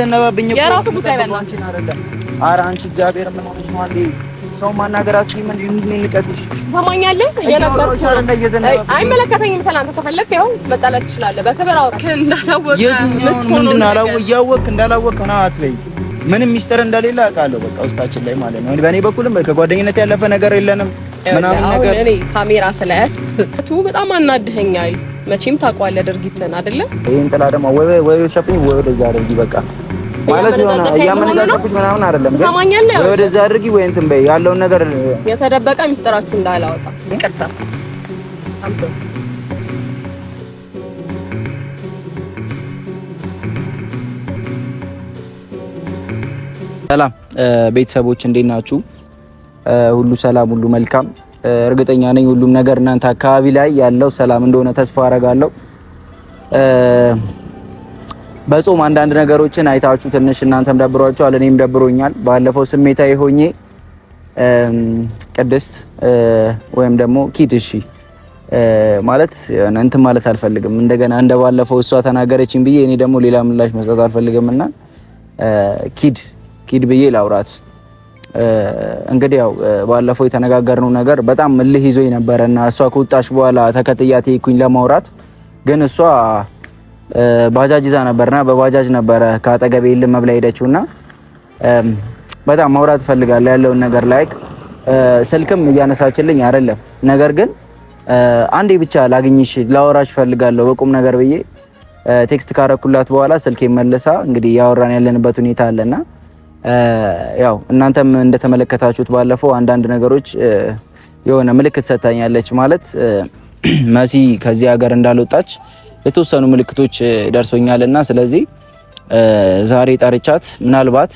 ዘነበብኝ የራሱ ጉዳይ ባላችሁ አይደለም። ኧረ አንቺ እግዚአብሔር ምን ሆነሽ ነው? ሰው ማናገራችሁ ምን ምን ንቀጥሽ ሰማኛለህ። እየነገርኩሽ አይመለከተኝም። ሰላም ተፈለክ ያው መጣላት ትችላለህ። በክብር አውራ እንዳላወቅ ምትሆኑ እንዳላወቅ እያወቅ እንዳላወቅ ና አትበይ። ምንም ሚስጥር እንደሌለ አውቃለሁ። በቃ ውስጣችን ላይ ማለት ነው። በእኔ በኩልም ከጓደኝነት ያለፈ ነገር የለንም ምናምን ነገር እኔ ካሜራ ስለያዝ ቱ በጣም አናድኸኛል። መቼም ታውቀዋለህ ድርጊትን አይደለም። ይሄን ጥላ ደግሞ ወይ ሸፍኝ ወይ ወደዛ አድርጊ በቃ ማለት የሆነ እያመነጋገርኩሽ ምናምን አይደለም። ትሰማኛለህ? ወይ ወደዛ አድርጊ ወይ እንትን በይ ያለውን ነገር የተደበቀ ሚስጥራችሁ እንዳላወጣ ይቅርታ። ሰላም ቤተሰቦች እንዴት ናችሁ? ሁሉ ሰላም፣ ሁሉ መልካም። እርግጠኛ ነኝ ሁሉም ነገር እናንተ አካባቢ ላይ ያለው ሰላም እንደሆነ ተስፋ አረጋለሁ። በጾም አንዳንድ ነገሮችን አይታችሁ ትንሽ እናንተም ደብሯችኋል፣ እኔም ደብሮኛል። ባለፈው ስሜታዊ ሆኜ ቅድስት ወይም ደግሞ ኪድ እሺ ማለት እንትን ማለት አልፈልግም። እንደገና እንደ ባለፈው እሷ ተናገረችኝ ብዬ እኔ ደግሞ ሌላ ምላሽ መስጠት አልፈልግም እና ኪድ ኪድ ብዬ ላውራት። እንግዲህ ያው ባለፈው የተነጋገርነው ነገር በጣም እልህ ይዞኝ ነበረ እና እሷ ከወጣች በኋላ ተከትያት ሄድኩኝ ለማውራት ግን እሷ ባጃጅ ይዛ ነበርና በባጃጅ ነበረ ከአጠገቤ ልም መብላ ሄደችው በጣም ማውራት እፈልጋለሁ ያለውን ነገር ላይክ ስልክም እያነሳችልኝ አይደለም። ነገር ግን አንዴ ብቻ ላግኝሽ ላወራሽ ፈልጋለሁ በቁም ነገር ብዬ ቴክስት ካረኩላት በኋላ ስልኬ መልሳ እንግዲህ ያወራን ያለንበት ሁኔታ አለና ያው እናንተም እንደተመለከታችሁት ባለፈው አንዳንድ ነገሮች የሆነ ምልክት ሰጥታኛለች። ማለት መሲ ከዚህ ሀገር እንዳልወጣች የተወሰኑ ምልክቶች ደርሶኛል እና ስለዚህ ዛሬ ጠርቻት ምናልባት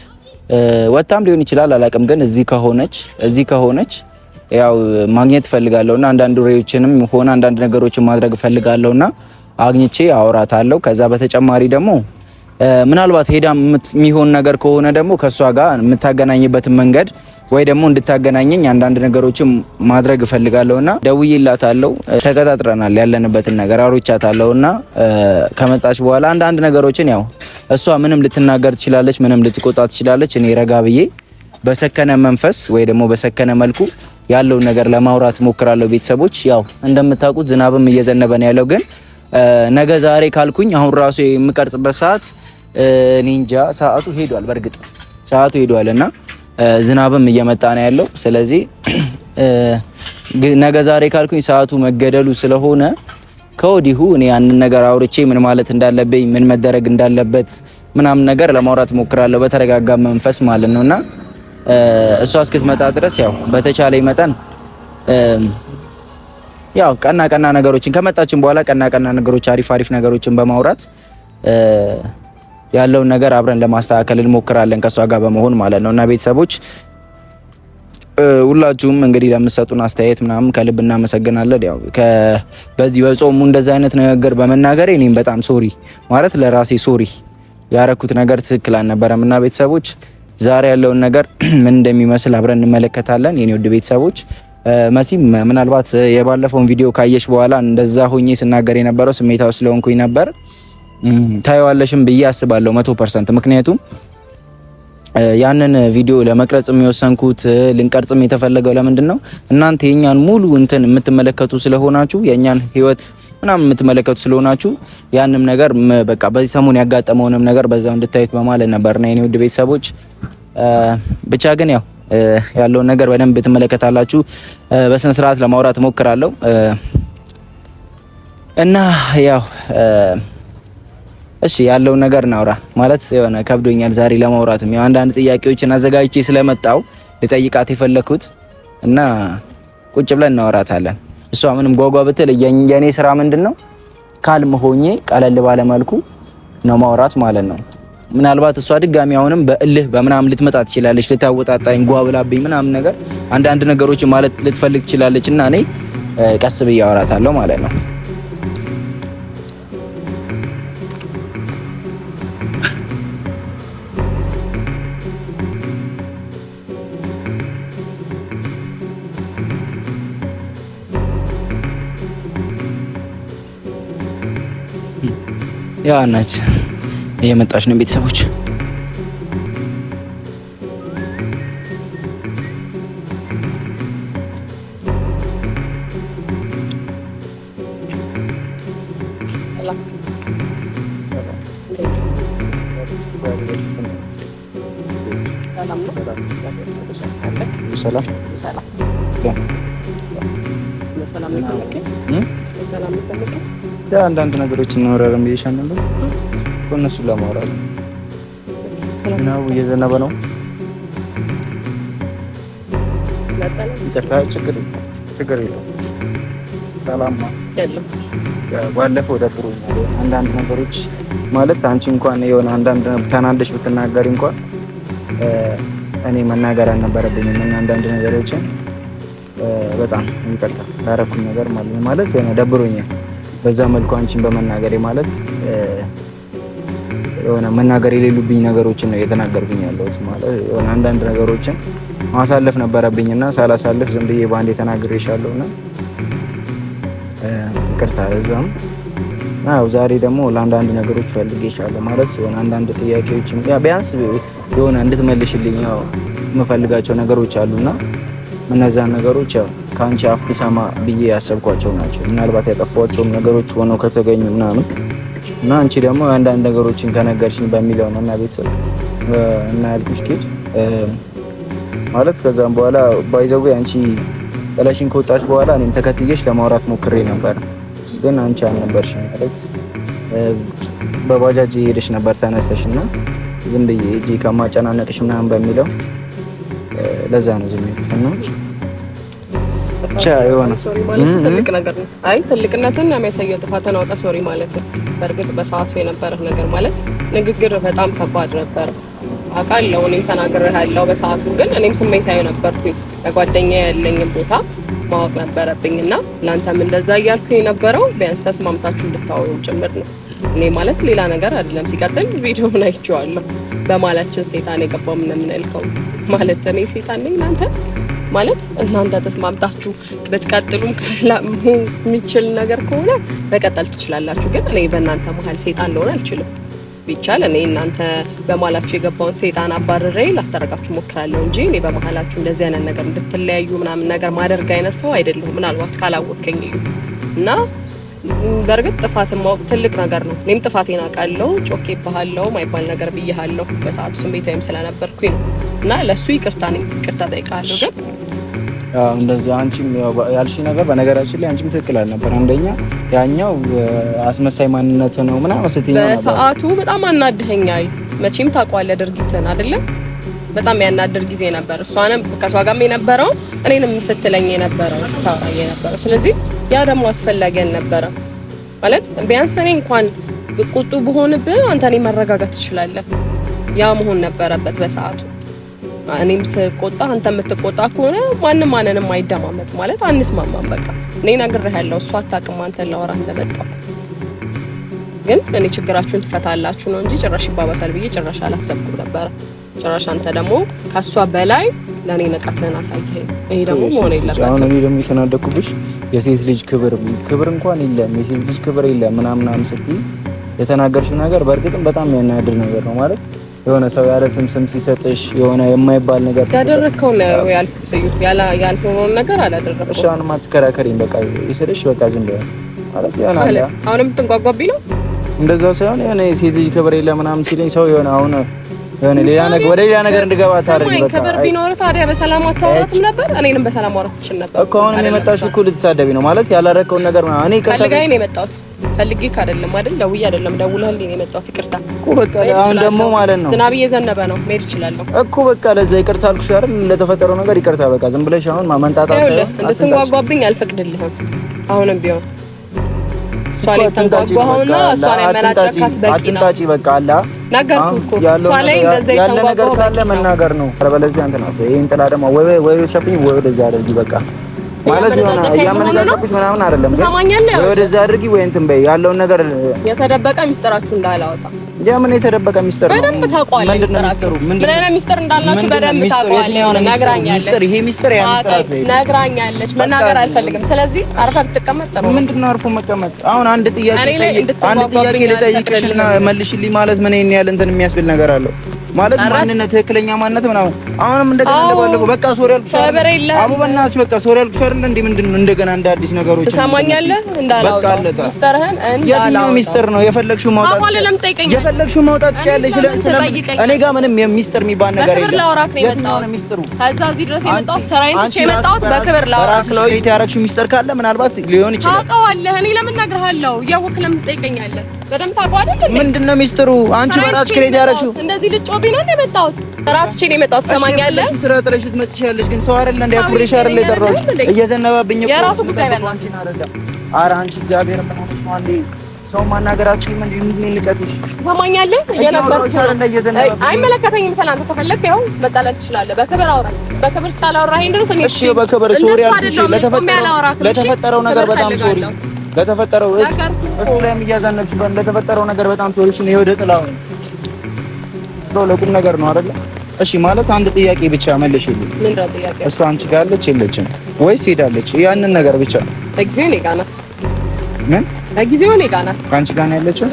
ወጣም ሊሆን ይችላል አላቅም። ግን እዚህ ከሆነች እዚህ ከሆነች ያው ማግኘት እፈልጋለሁና አንዳንድ ወሬዎችንም ሆነ አንዳንድ ነገሮችን ማድረግ እፈልጋለሁና አግኝቼ አወራታለሁ። ከዛ በተጨማሪ ደግሞ ምናልባት ሄዳ የሚሆን ነገር ከሆነ ደግሞ ከእሷ ጋር የምታገናኝበትን መንገድ ወይ ደግሞ እንድታገናኘኝ አንዳንድ ነገሮችን ማድረግ እፈልጋለሁ ደውይላት ደውዬላታለሁ። ተቀጣጥረናል፣ ያለንበትን ነገር ና ከመጣች በኋላ አንዳንድ ነገሮችን ያው እሷ ምንም ልትናገር ትችላለች፣ ምንም ልትቆጣ ትችላለች። እኔ ረጋ ብዬ በሰከነ መንፈስ ወይ ደግሞ በሰከነ መልኩ ያለውን ነገር ለማውራት ሞክራለሁ። ቤተሰቦች ያው እንደምታውቁት ዝናብም እየዘነበ ነው ያለው፣ ግን ነገ ዛሬ ካልኩኝ አሁን ራሱ የምቀርጽበት ሰዓት እኔ እንጃ ሰዓቱ ሄዷል። በእርግጥ ሰዓቱ ሄዷልና ዝናብም እየመጣ ነው ያለው። ስለዚህ ነገ ዛሬ ካልኩኝ ሰዓቱ መገደሉ ስለሆነ ከወዲሁ እኔ ያንን ነገር አውርቼ ምን ማለት እንዳለብኝ ምን መደረግ እንዳለበት ምናምን ነገር ለማውራት ሞክራለሁ፣ በተረጋጋ መንፈስ ማለት ነው እና እሷ እስክትመጣ ድረስ ያው በተቻለ መጠን ያው ቀና ቀና ነገሮችን ከመጣችን በኋላ ቀና ቀና ነገሮች አሪፍ አሪፍ ነገሮችን በማውራት ያለውን ነገር አብረን ለማስተካከል እንሞክራለን ከእሷ ጋር በመሆን ማለት ነው። እና ቤተሰቦች ሁላችሁም እንግዲህ ለምትሰጡን አስተያየት ምናምን ከልብ እናመሰግናለን። ያው በዚህ በጾሙ እንደዚህ አይነት ነገር በመናገር እኔም በጣም ሶሪ ማለት ለራሴ ሶሪ ያረኩት ነገር ትክክል አልነበረም። እና ቤተሰቦች ዛሬ ያለውን ነገር ምን እንደሚመስል አብረን እንመለከታለን። የኔ ውድ ቤተሰቦች መሲም ምናልባት የባለፈውን ቪዲዮ ካየሽ በኋላ እንደዛ ሆኜ ስናገር የነበረው ስሜታው ስለሆንኩኝ ነበር። ታየዋለሽም ብዬ አስባለሁ መቶ ፐርሰንት ምክንያቱም ያንን ቪዲዮ ለመቅረጽ የሚወሰንኩት ልንቀርጽም የተፈለገው ለምንድን ነው እናንተ የኛን ሙሉ እንትን የምትመለከቱ ስለሆናችሁ የእኛን ህይወት ምናምን የምትመለከቱ ስለሆናችሁ ያንም ነገር በቃ በዚህ ሰሞን ያጋጠመውንም ነገር በዛው እንድታዩት በማለት ነበር እና የኔ ውድ ቤተሰቦች ብቻ ግን ያው ያለውን ነገር በደንብ ትመለከታላችሁ። በስነ ስርዓት ለማውራት እሞክራለሁ እና ያው እሺ ያለውን ነገር እናውራ። ማለት የሆነ ከብዶኛል ዛሬ ለማውራትም ያው አንዳንድ ጥያቄዎችን አዘጋጅቼ ስለመጣው ልጠይቃት የፈለኩት እና ቁጭ ብለን እናወራታለን። እሷ ምንም ጓጓ ብትል የኔ ስራ ምንድን ነው ካልም ሆኜ ቀለል ባለ መልኩ ነው ማውራት ማለት ነው። ምናልባት እሷ ድጋሚ አሁንም በእልህ በምናምን ልትመጣ ትችላለች። ልታወጣጣኝ ጓብላብኝ ምናምን ነገር አንዳንድ ነገሮችን ማለት ልትፈልግ ትችላለች እና እኔ ቀስ ብዬ አወራታለሁ ማለት ነው። ያ ናት እየመጣች ነው። ቤተሰቦች ሰላም ያ አንዳንድ ነገሮች እናወራለን ብዬሻል ነበር። እነሱን ለማውራት ዝናቡ እየዘነበ ነው። ችግር ችግር የለውም። ሰላማ ባለፈው ደብሮ አንዳንድ ነገሮች ማለት አንቺ እንኳን የሆነ አንዳንድ ተናደሽ ብትናገሪ እንኳን እኔ መናገር አልነበረብኝም እና አንዳንድ ነገሮችን በጣም ይቅርታ ላደረኩኝ ነገር ማለት የሆነ ደብሮኛል በዛ መልኩ አንቺን በመናገሬ ማለት የሆነ መናገር የሌሉብኝ ነገሮችን ነው የተናገርኩኝ ያለሁት። ማለት የሆነ አንዳንድ ነገሮችን ማሳለፍ ነበረብኝ እና ሳላሳልፍ ዝም ብዬ በአንድ የተናግሬሻለሁ እና ይቅርታ ለዛም። ያው ዛሬ ደግሞ ለአንዳንድ ነገሮች ፈልጌሻለሁ ማለት የሆነ አንዳንድ ጥያቄዎች ቢያንስ የሆነ እንድትመልሽልኝ ያው የምፈልጋቸው ነገሮች አሉና እነዛን ነገሮች ያው ከአንቺ አፍ ብሰማ ብዬ ያሰብኳቸው ናቸው። ምናልባት ያጠፋቸውም ነገሮች ሆነው ከተገኙ ምናምን እና አንቺ ደግሞ አንዳንድ ነገሮችን ከነገርሽኝ በሚለው ነው እና ቤተሰብ እና ያልኩሽ ኬድ ማለት ከዛም በኋላ ባይዘጉ አንቺ ጥለሽኝ ከወጣች በኋላ እኔም ተከትዬሽ ለማውራት ሞክሬ ነበር፣ ግን አንቺ አልነበርሽም። ማለት በባጃጅ ሄደሽ ነበር ተነስተሽ እና ዝም ብዬ እጅ ከማጨናነቅሽ ምናምን በሚለው ለዛ ነው ዝም ያልኩት እና ብቻ የሆነ ትልቅ ነገር ነው። አይ ትልቅነትን የሚያሳየው ጥፋትን አውቀ ሶሪ ማለት በእርግጥ በሰዓቱ የነበረህ ነገር ማለት ንግግር በጣም ከባድ ነበር አውቃለሁ። እኔም ተናግሬያለሁ በሰዓቱ ግን እኔም ስሜታዊ ነበርኩኝ። ለጓደኛ ያለኝም ቦታ ማወቅ ነበረብኝ እና ለአንተም እንደዛ እያልኩ የነበረው ቢያንስ ተስማምታችሁ እንድታወሩ ጭምር ነው። እኔ ማለት ሌላ ነገር አይደለም። ሲቀጥል ቪዲዮውን አይቼዋለሁ። በማላችን ሴጣን የገባው ምን የምንልከው ማለት እኔ ሴጣን ነኝ ለአንተ ማለት እናንተ ተስማምታችሁ ብትቀጥሉም ካላሙ የሚችል ነገር ከሆነ መቀጠል ትችላላችሁ። ግን እኔ በእናንተ መሀል ሴጣን ልሆን አልችልም። ቢቻል እኔ እናንተ በመሀላችሁ የገባውን ሴጣን አባርሬ ላስታረቃችሁ ሞክራለሁ እንጂ እኔ በመሀላችሁ እንደዚህ አይነት ነገር እንድትለያዩ ምናምን ነገር ማደርግ አይነት ሰው አይደለሁም። ምናልባት ካላወቀኝ እዩ እና በእርግጥ ጥፋትን ማወቅ ትልቅ ነገር ነው። እኔም ጥፋቴን አውቃለሁ። ጮኬ ባሃለው ማይባል ነገር ብያሃለሁ። በሰዓቱ ስሜታዊም ስለነበርኩኝ ነው እና ለእሱ ይቅርታ ይቅርታ ጠይቃለሁ ግን እንደዚህ አንቺም ያልሽ ነገር በነገራችን ላይ አንቺም ትክክል አልነበር። አንደኛ ያኛው አስመሳይ ማንነት ነው ምናምን ስትይኝ በሰዓቱ በጣም አናድኸኛል። መቼም ታውቀዋለህ ድርጊትን አይደለም። በጣም ያናድር ጊዜ ነበር። እሷንም ከሷ ጋርም የነበረው እኔንም ስትለኝ የነበረው ስታወራ የነበረው ስለዚህ ያ ደግሞ አስፈላጊ አልነበረ ማለት ቢያንስ እኔ እንኳን ቁጡ ብሆንብህ አንተ እኔ መረጋጋት ትችላለህ። ያ መሆን ነበረበት በሰዓቱ እኔም ስቆጣ አንተ የምትቆጣ ከሆነ ማንም ማንንም አይደማመጥ ማለት አንስማማም። በቃ እኔ ነግሬሃለሁ፣ እሱ አታውቅም አንተ ላወራ እንደመጣሁ። ግን እኔ ችግራችሁን ትፈታላችሁ ነው እንጂ ጭራሽ ይባባሳል ብዬ ጭራሽ አላሰብኩም ነበረ። ጭራሽ አንተ ደግሞ ከእሷ በላይ ለእኔ ንቀትህን አሳየኸኝ። ይሄ ደግሞ መሆን የለበትም። አሁን እኔ ደግሞ የተናደኩብሽ የሴት ልጅ ክብር ክብር እንኳን የለም የሴት ልጅ ክብር የለም ምናምናም ስትይ የተናገርሽው ነገር በእርግጥም በጣም የሚያናድር ነገር ነው ማለት የሆነ ሰው ያለ ስም ስም ሲሰጥሽ የሆነ የማይባል ነገር ያደረከው ነው ያልሆነውን ነገር አላደረኩም። እሺ አሁንማ በቃ ይሰጥሽ በቃ ዝም ብለው ማለት ያላ አለ። አሁን የምትንጓጓብኝ ነው እንደዛ ሳይሆን የሆነ የሴት ልጅ ክብር የለ ምናምን ሲለኝ ሰው የሆነ አሁን የሆነ ሌላ ነገር ወደ ሌላ ነገር እንድገባ ታደርጊ። በቃ ክብር ቢኖር ታዲያ በሰላም አታወራትም ነበር? እኔንም በሰላም አወራትሽ ነበር እኮ። አሁን የመጣሽ እኮ ልትሳደቢ ነው ማለት ያላረከውን ነገር ምናምን እኔ ከልጋይ ነው የመጣሁት ፈልጌ አይደለም አይደል? ደውዬ አይደለም ደውለህልኝ የመጣሁት ይቅርታ እኮ በቃ። አሁን ደግሞ ማለት ነው ዝናብ እየዘነበ ነው፣ መሄድ እችላለሁ እኮ በቃ። ለዛ ይቅርታ አልኩሽ አይደል? ለተፈጠረው ነገር ይቅርታ በቃ። ዝም ብለሽ አሁን ማመንጣጣ ሳይሆን እንድትንጓጓብኝ አልፈቅድልህም። አሁንም ቢሆን በቂ ነው። አትንጣጪ በቃ አላ ነገርኩ እኮ ያለ ነገር ካለ መናገር ነው። ነው ይሄን ጥላ ደግሞ ወይ ወይ ሸፍኝ ወይ አድርጊ በቃ ማለት የሆነ እያመነጋገርኩሽ ምናምን አይደለም። ትሰማኛለህ? ወይ ወደዚያ አድርጊ ወይ እንትን በይ ያለውን ነገር የተደበቀ ሚስጥራችሁ እንዳላወጣ። የምን የተደበቀ ሚስጥር? በደንብ ታውቀዋለህ። ሚስጥራችሁ ምን አይነት ሚስጥር እንዳላችሁ በደንብ ታውቀዋለህ። ነግራኛለች። ሚስጥር ይሄ ሚስጥር ያ ሚስጥራት ነግራኛለች። መናገር አልፈልግም። ስለዚህ አርፈህ ብትቀመጥ ጥሩ። ምንድን ነው አርፎ መቀመጥ? አሁን አንድ ጥያቄ አንድ ጥያቄ ልጠይቅሽና መልሽልኝ ማለት ምን ይሄን ያህል እንትን የሚያስብል ነገር አለው? ማለት ማንነት ትክክለኛ ማንነት ምናምን አሁንም እንደገና እንደባለፈው በቃ ሶሪ አልኩሽ በእናትሽ በቃ ሶሪ አልኩሽ አይደል እንዴ? ምንድን ነው እንደገና እንደ አዲስ ነገሮች የትኛው ሚስጥር ነው የፈለግሽው ማውጣት የፈለግሽው ማውጣት ትችያለሽ። እኔ ጋር ምንም የሚስጥር የሚባል ነገር የለም። ነው ድረስ በክብር ነው። ሚስጥር ካለ ምናልባት ሊሆን ይችላል። እኔ ለምን ለምን በደምብ ታቋደ ምንድን ነው ሚስጥሩ? አንቺ በራስሽ ክሬት ያደረግሽው እንደዚህ ልጮቢ ነው የመጣሁት። በራስሽ ነው የመጣሁት። ትሰማኛለህ? ስራ ጥለሽ ትመጪያለሽ። ግን ሰው አይደለ እንደ አክብሬሽ አይደለ የጠራሁሽ። እየዘነባብኝ እኮ የራሱ ጉዳይ ነው። ኧረ አንቺ እግዚአብሔር ምን ሆነሽ ነው አንዴ ሰው ማናገራችን ምን ምን ልቀጥሽ? ትሰማኛለህ? እየነገርኩሽ አይመለከተኝም። ሰላም ተፈለክ ያው መጣላት ትችላለህ። በክብር አውራ። በክብር ስታላወራ ይሄን ድረስ እኔ እሺ፣ በክብር ሶሪ አልኩሽ። ለተፈጠረው ነገር በጣም ሶሪ ለተፈጠረው እሱ ላይም እያዘነብሽበት ለተፈጠረው ነገር በጣም ሶሉሽን ወደ ጥላው ነው። ለቁም ነገር ነው አይደለ? እሺ ማለት አንድ ጥያቄ ብቻ መልሽልኝ። እሱ አንቺ ጋር አለች የለችም ወይስ ሄዳለች? ያንን ነገር ብቻ ለጊዜው እኔ ጋር ምን ለጊዜው እኔ አንቺ ጋር ነው ያለችው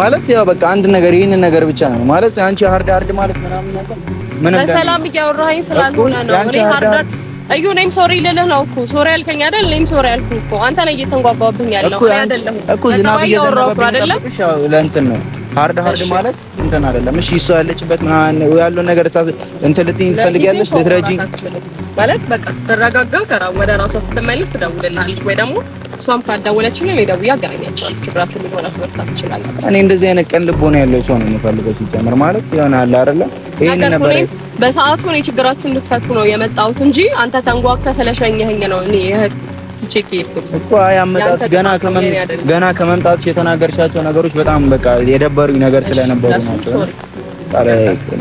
ማለት ያው በቃ አንድ ነገር ይህንን ነገር ብቻ ነው ማለት አንቺ ሀርድ ሀርድ ማለት ምናምን ነገር ምንም በሰላም እያወራኸኝ ስላልሆነ ነው እኔ እዩ እኔም ሶሪ ልልህ ነው እኮ ሶሪ ያልከኝ አይደል? እኔም ሶሪ ያልኩህ እኮ አንተ ነህ እየተንጓጓብኝ ያለው እኮ ዝናብ እየዘነበብኝ አይደለም። እሺ ለእንትን ነው ሀርድ ሀርድ ማለት እንትን አይደለም። እሺ እሷ ያለችበት ምናምን ያለውን ነገር እንትን ልትይኝ ትፈልጊያለሽ? ልትረጂኝ ማለት በቃ ስትረጋጋ ከራ ወደ ራሷ ስትመለስ ትደውልልሃለች ወይ ደግሞ እሷም ካልደወለችልኝ እኔ ደውዬ አገናኛቸዋለሁ። ችግራችሁን ልጅ ሆናችሁ መፍታት ትችላላችሁ። እኔ እንደዚህ አይነት ቀን ልቦና ያለው ሰው ነው የምፈልገው ሲጀምር ማለት የሆነ አይደለም ይሄን ነበር በሰዓቱ ነው ችግራችሁን እንድትፈቱ ነው የመጣሁት እንጂ አንተ ተንጓክተ ስለሸኘኸኝ ነው እኔ እህት ትቼክ ይልኩት እኮ ገና ከመን ገና ከመምጣትሽ የተናገርሻቸው ነገሮች በጣም በቃ የደበሩኝ ነገር ስለነበሩ ናቸው።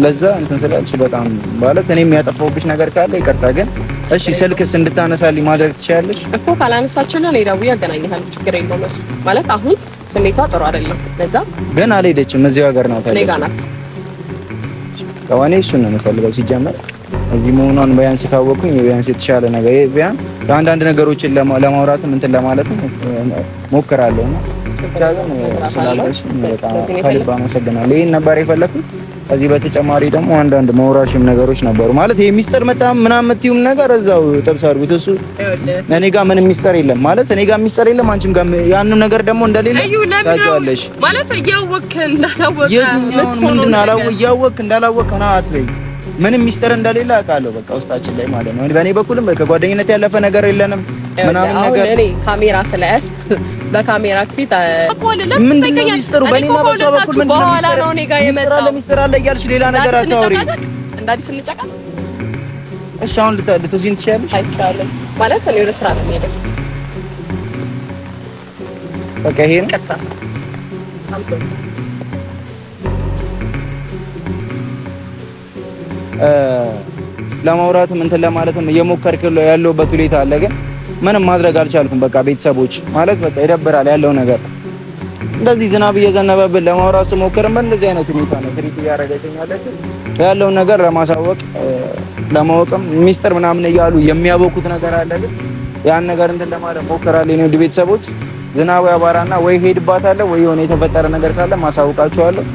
ለዛ እንትን ስላልሽ በጣም ማለት እኔም ያጠፋሁብሽ ነገር ካለ ይቅርታ። ግን እሺ ስልክስ እንድታነሳልኝ ማድረግ ትችያለሽ እኮ ካላነሳችሁና እኔ ደውዬ ያገናኝሃለሁ። ችግር የለውም እሱ ማለት አሁን ስሜቷ ጥሩ አይደለም። ለዛ ግን አልሄደችም እዚሁ ሀገር ናት። በቃ እኔ እሱን ነው የምፈልገው። ሲጀመር እዚህ መሆኗን ቢያንስ ካወቅኩኝ ቢያንስ የተሻለ ነገር ቢያን ለአንዳንድ ነገሮችን ለማውራትም እንትን ለማለት ሞክራለሁ። ቻለን ስላለሱ በጣም ከልብ አመሰግናለሁ። ይህን ነበር የፈለግኩት። ከዚህ በተጨማሪ ደግሞ አንዳንድ መውራሽም ነገሮች ነበሩ። ማለት ይሄ ሚስጥር መጣም ምናምን የምትይውም ነገር እዛው ጥብስ አድርጉት። እሱ እኔ ጋር ምንም ሚስጥር የለም ማለት እኔ ጋር ሚስጥር የለም፣ አንቺም ጋር ያንም ነገር ደግሞ እንደሌለ ታውቂዋለሽ። ማለት እያወቅህ እንዳላወቅህ ና አትበይ። ምንም ሚስጥር እንደሌለ አውቃለሁ፣ በቃ ውስጣችን ላይ ማለት ነው። በእኔ በኩልም ከጓደኝነት ያለፈ ነገር የለንም። ምናምን ነገር እኔ ካሜራ ስለያዝ በካሜራ ፊት ምን ሚስጥሩ በኔና በሷ በኩል ምን ነው እኔ ጋር የመጣው አለ እያልሽ ሌላ ነገር አታውሪ። እንዳዲስ እሺ፣ አሁን ትችያለሽ። ማለት እኔ ወደ ስራ ነው በቃ ቀጥታ ለማውራትም እንትን ለማለትም እየሞከርክ ያለሁበት ሁኔታ አለ ግን ምንም ማድረግ አልቻልኩም። በቃ ቤተሰቦች ማለት በቃ ይደብራል ያለው ነገር። እንደዚህ ዝናብ እየዘነበብን ለማውራት ስሞክርም በእንደዚህ አይነት ሁኔታ ነው ትሪት እያደረገችኝ ያለችው። ያለውን ነገር ለማሳወቅ ለማወቅም ሚስጥር ምናምን እያሉ የሚያበኩት ነገር አለ ግን ያን ነገር እንትን ለማድረግ ሞክራለሁ። የኔ ውድ ቤተሰቦች ዝናቡ ያባራና ወይ ሄድባታለሁ ወይ የሆነ የተፈጠረ ነገር ካለ ማሳውቃችኋለሁ።